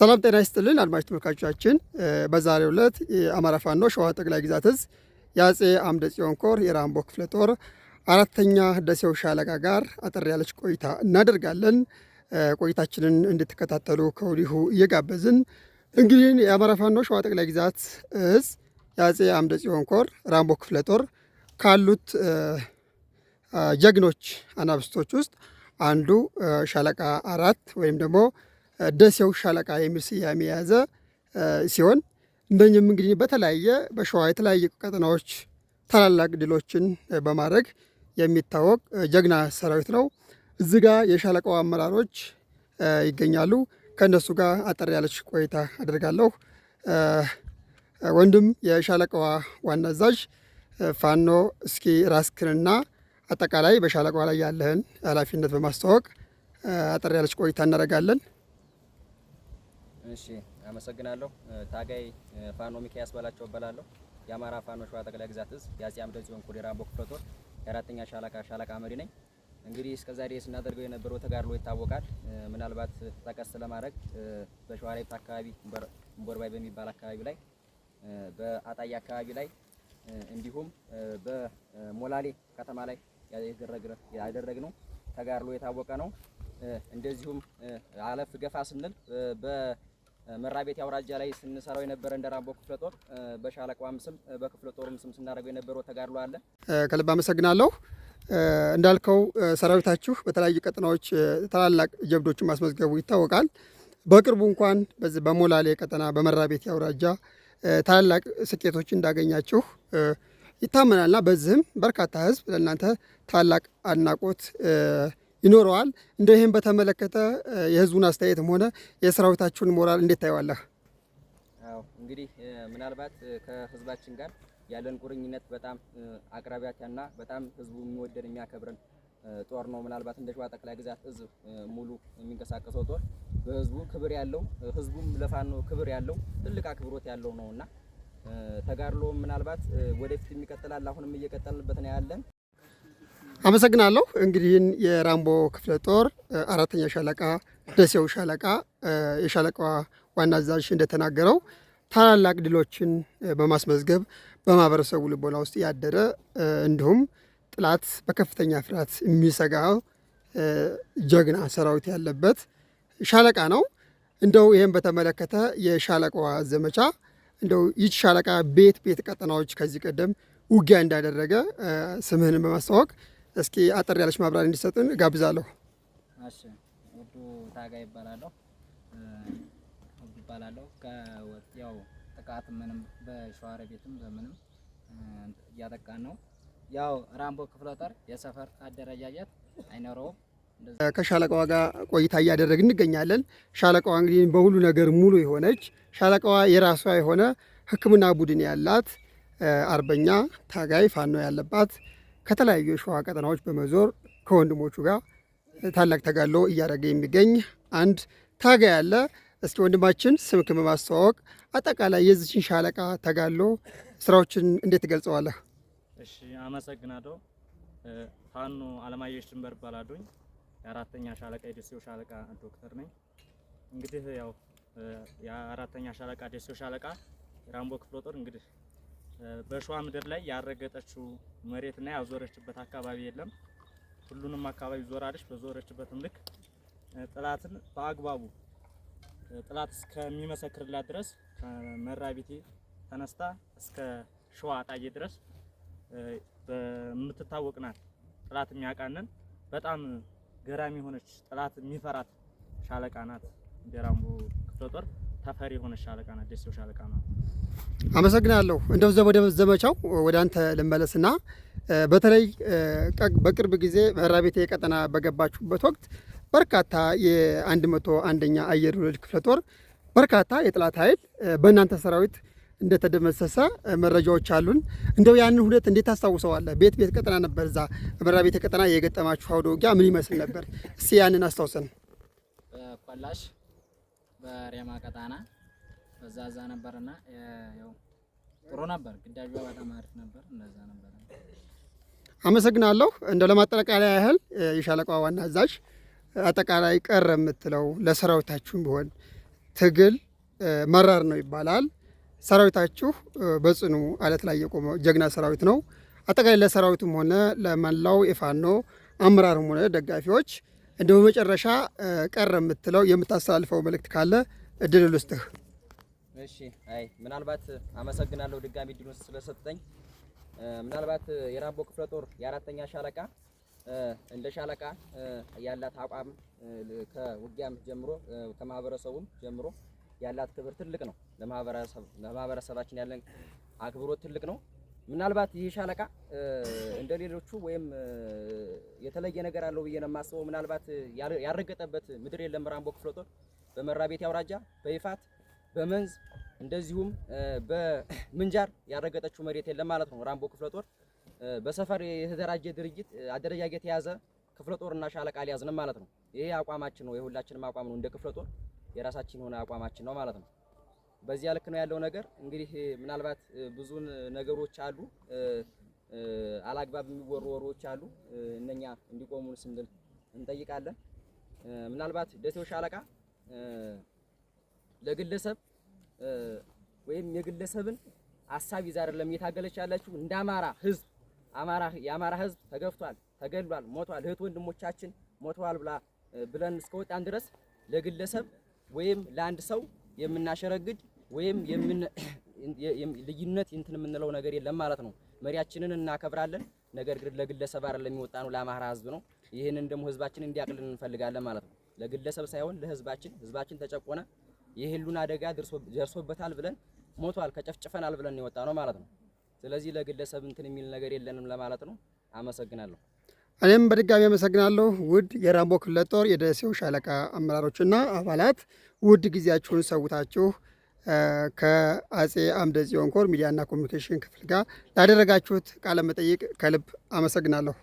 ሰላም ጤና ይስጥልን አድማጭ ተመልካቾቻችን፣ በዛሬው ዕለት የአማራ ፋኖ ሸዋ ጠቅላይ ግዛት እዝ የአጼ አምደ ጽዮን ኮር የራምቦ ክፍለ ጦር አራተኛ ደሴው ሻለቃ ጋር አጠር ያለች ቆይታ እናደርጋለን። ቆይታችንን እንድትከታተሉ ከወዲሁ እየጋበዝን እንግዲህ የአማራ ፋኖ ሸዋ ጠቅላይ ግዛት እዝ የአጼ አምደ ጽዮን ኮር ራምቦ ክፍለ ጦር ካሉት ጀግኖች አናብስቶች ውስጥ አንዱ ሻለቃ አራት ወይም ደግሞ ደሴው ሻለቃ የሚል ስያሜ የያዘ ሲሆን እንደኛም እንግዲህ በተለያየ በሸዋ የተለያየ ቀጠናዎች ታላላቅ ድሎችን በማድረግ የሚታወቅ ጀግና ሰራዊት ነው። እዚ ጋ የሻለቃው አመራሮች ይገኛሉ። ከእነሱ ጋር አጠር ያለች ቆይታ አድርጋለሁ። ወንድም የሻለቃዋ ዋና አዛዥ ፋኖ፣ እስኪ ራስክንና አጠቃላይ በሻለቃዋ ላይ ያለህን ኃላፊነት በማስተዋወቅ አጠር ያለች ቆይታ እናደርጋለን። እሺ አመሰግናለሁ። ታጋይ ፋኖ ሚካያስ በላቸው እባላለሁ። የአማራ ፋኖ ሸዋ ጠቅላይ ግዛት እዝ የአጼ አምደ ጽዮን ኮዴራ አምቦ ክፍለ ጦር የአራተኛ ሻለቃ ሻለቃ መሪ ነኝ። እንግዲህ እስከዛሬ ስናደርገው የነበረው ተጋድሎ ይታወቃል። ምናልባት ጠቀስ ለማድረግ በሸዋ ላይብት አካባቢ ቦርባይ በሚባል አካባቢ ላይ በአጣዬ አካባቢ ላይ እንዲሁም በሞላሌ ከተማ ላይ ያደረግነው ተጋድሎ የታወቀ ነው። እንደዚሁም አለፍ ገፋ ስንል መራ ቤት አውራጃ ላይ ስንሰራው የነበረ እንደ ራምቦ ክፍለ ጦር በሻለቃዋም ስም በክፍለ ጦሩም ስም ስናደርገው የነበረው ተጋድሎ አለ። ከልብ አመሰግናለሁ። እንዳልከው ሰራዊታችሁ በተለያዩ ቀጠናዎች ታላላቅ ጀብዶችን ማስመዝገቡ ይታወቃል። በቅርቡ እንኳን በዚህ በሞላሌ ቀጠና ቤት አውራጃ ታላላቅ ስኬቶች እንዳገኛችሁ ይታመናልና በዚህም በርካታ ህዝብ ለእናንተ ታላቅ አድናቆት ይኖረዋል። እንደ ይህም በተመለከተ የህዝቡን አስተያየትም ሆነ የሰራዊታችሁን ሞራል እንዴት ታየዋለህ? እንግዲህ ምናልባት ከህዝባችን ጋር ያለን ቁርኝነት በጣም አቅራቢያቻና በጣም ህዝቡ የሚወደን የሚያከብረን ጦር ነው። ምናልባት እንደ ሸዋ ጠቅላይ ግዛት እዝ ሙሉ የሚንቀሳቀሰው ጦር በህዝቡ ክብር ያለው ህዝቡም ለፋኖ ክብር ያለው ትልቅ አክብሮት ያለው ነውና ተጋድሎ ምናልባት ወደፊት የሚቀጥላል አሁንም እየቀጠልንበት ነው ያለን። አመሰግናለሁ። እንግዲህን የራምቦ ክፍለ ጦር አራተኛ ሻለቃ ደሴው ሻለቃ የሻለቃ ዋና አዛዥ እንደተናገረው ታላላቅ ድሎችን በማስመዝገብ በማህበረሰቡ ልቦና ውስጥ ያደረ እንዲሁም ጥላት በከፍተኛ ፍርሃት የሚሰጋ ጀግና ሰራዊት ያለበት ሻለቃ ነው። እንደው ይህም በተመለከተ የሻለቃዋ ዘመቻ እንደው ይች ሻለቃ ቤት ቤት ቀጠናዎች ከዚህ ቀደም ውጊያ እንዳደረገ ስምህን በማስተዋወቅ እስኪ አጠር ያለች ማብራሪ እንዲሰጡን ጋብዛለሁ። እሺ ውዱ ታጋ ይባላለሁ። ውዱ ይባላለሁ። ያው ጥቃት ምንም በሸዋረ ቤትም በምንም እያጠቃን ነው። ያው ራምቦ ክፍለ ጦር የሰፈር አደረጃጀት አይኖረውም። ከሻለቃዋ ጋር ቆይታ እያደረግን እንገኛለን። ሻለቃዋ እንግዲህ በሁሉ ነገር ሙሉ የሆነች ሻለቃዋ የራሷ የሆነ ሕክምና ቡድን ያላት አርበኛ ታጋይ ፋኖ ያለባት ከተለያዩ የሸዋ ቀጠናዎች በመዞር ከወንድሞቹ ጋር ታላቅ ተጋድሎ እያደረገ የሚገኝ አንድ ታጋይ አለ። እስኪ ወንድማችን ስምክ በማስተዋወቅ አጠቃላይ የዚችን ሻለቃ ተጋድሎ ስራዎችን እንዴት ትገልጸዋለህ? እሺ አመሰግናለሁ። ፋኖ አለማየሽ ድንበር ባላዱኝ የአራተኛ ሻለቃ የደሴው ሻለቃ ዶክተር ነኝ። እንግዲህ ያው የአራተኛ ሻለቃ ደሴው ሻለቃ የራምቦ ክፍለ ጦር እንግዲህ በሸዋ ምድር ላይ ያረገጠችው መሬትና ያዞረችበት አካባቢ የለም። ሁሉንም አካባቢ ዞራለች። በዞረችበትም ልክ ጥላትን በአግባቡ ጥላት እስከሚመሰክርላት ድረስ ከመራቤቴ ተነስታ እስከ ሸዋ ጣዬ ድረስ በምትታወቅ ናት። ጥላት የሚያቃንን በጣም ገራሚ የሆነች ጥላት የሚፈራት ሻለቃ ናት። ዴራምቦ ክፍለ ጦር ተፈሪ የሆነ ሻለቃ ናት፣ ደሴው ሻለቃ ነው። አመሰግናለሁ። እንደው ወደ ዘመቻው ወደ አንተ ልመለስና በተለይ በቅርብ ጊዜ መራ ቤቴ ቀጠና በገባችሁበት ወቅት በርካታ የአንድ መቶ አንደኛ አየር ወለድ ክፍለ ጦር በርካታ የጥላት ኃይል በእናንተ ሰራዊት እንደተደመሰሰ መረጃዎች አሉን። እንደው ያንን ሁለት እንዴት አስታውሰዋለ ቤት ቤት ቀጠና ነበር። እዛ መራ ቤተ ቀጠና የገጠማችሁ አውደ ውጊያ ምን ይመስል ነበር? እስቲ ያንን አስታውሰን። በሬማ ቀጣና በዛ እዛ ነበርና ያው ጥሩ ነበር። ግዳጇ በጣም አሪፍ ነበር። እንደዛ ነበር። አመሰግናለሁ። እንደ ለማጠቃለያ ያህል የሻለቃ ዋና አዛዥ አጠቃላይ ቀረ የምትለው ለሰራዊታችሁም ቢሆን ትግል መራር ነው ይባላል። ሰራዊታችሁ በጽኑ አለት ላይ የቆመ ጀግና ሰራዊት ነው። አጠቃላይ ለሰራዊቱም ሆነ ለመላው የፋኖ አመራርም ሆነ ደጋፊዎች እንደ በመጨረሻ ቀረ የምትለው የምታስተላልፈው መልእክት ካለ እድል ልስጥህ። እሺ፣ አይ ምናልባት አመሰግናለሁ ድጋሚ እድሉን ስለሰጠኝ። ምናልባት የራምቦ ክፍለ ጦር የአራተኛ ሻለቃ እንደ ሻለቃ ያላት አቋም ከውጊያም ጀምሮ ከማህበረሰቡም ጀምሮ ያላት ክብር ትልቅ ነው። ለማህበረሰባችን ያለን አክብሮት ትልቅ ነው። ምናልባት ይህ ሻለቃ እንደ ሌሎቹ ወይም የተለየ ነገር አለው ብዬ ነው የማስበው። ምናልባት ያረገጠበት ምድር የለም ራምቦ ክፍለ ጦር ቤት አውራጃ በይፋት በመንዝ እንደዚሁም በምንጃር ያረገጠችው መሬት የለም ማለት ነው። ራምቦ ክፍለ ጦር በሰፈር የተደራጀ ድርጅት አደረጃጀት የያዘ ክፍለ ጦርና ሻለቃ ሊያዝንም ማለት ነው። ይሄ አቋማችን ነው፣ የሁላችንም አቋም ነው። እንደ ክፍለ ጦር የራሳችን የሆነ አቋማችን ነው ማለት ነው። በዚያ ልክ ነው ያለው ነገር። እንግዲህ ምናልባት ብዙ ነገሮች አሉ፣ አላግባብ የሚወሩ አሉ። እነኛ እንዲቆሙን ስንል እንጠይቃለን። ምናልባት ደሴው ሻለቃ ለግለሰብ ወይም የግለሰብን አሳብ ይዛ አይደለም እየታገለች ያለችው። እንደ አማራ ህዝብ አማራ የአማራ ህዝብ ተገፍቷል፣ ተገሏል ሞቷል፣ እህት ወንድሞቻችን ሞተዋል ብላ ብለን እስከወጣን ድረስ ለግለሰብ ወይም ለአንድ ሰው የምናሸረግድ ወይም ልዩነት እንትን የምንለው ነገር የለም ማለት ነው። መሪያችንን እናከብራለን። ነገር ግን ለግለሰብ አይደለም የሚወጣ ነው፣ ለአማራ ህዝብ ነው። ይህንን ደግሞ ህዝባችን እንዲያቅልን እንፈልጋለን ማለት ነው። ለግለሰብ ሳይሆን ለህዝባችን። ህዝባችን ተጨቆነ፣ የህሉን አደጋ ደርሶበታል ብለን ሞቷል፣ ከጨፍጭፈናል ብለን የወጣ ነው ማለት ነው። ስለዚህ ለግለሰብ እንትን የሚል ነገር የለንም ለማለት ነው። አመሰግናለሁ። እኔም በድጋሚ አመሰግናለሁ። ውድ የራምቦ ክፍለ ጦር የደሴው ሻለቃ አመራሮችና አባላት ውድ ጊዜያችሁን ሰውታችሁ ከአጼ አምደ ጽዮን ኮር ሚዲያና ኮሚኒኬሽን ክፍል ጋር ላደረጋችሁት ቃለ መጠይቅ ከልብ አመሰግናለሁ።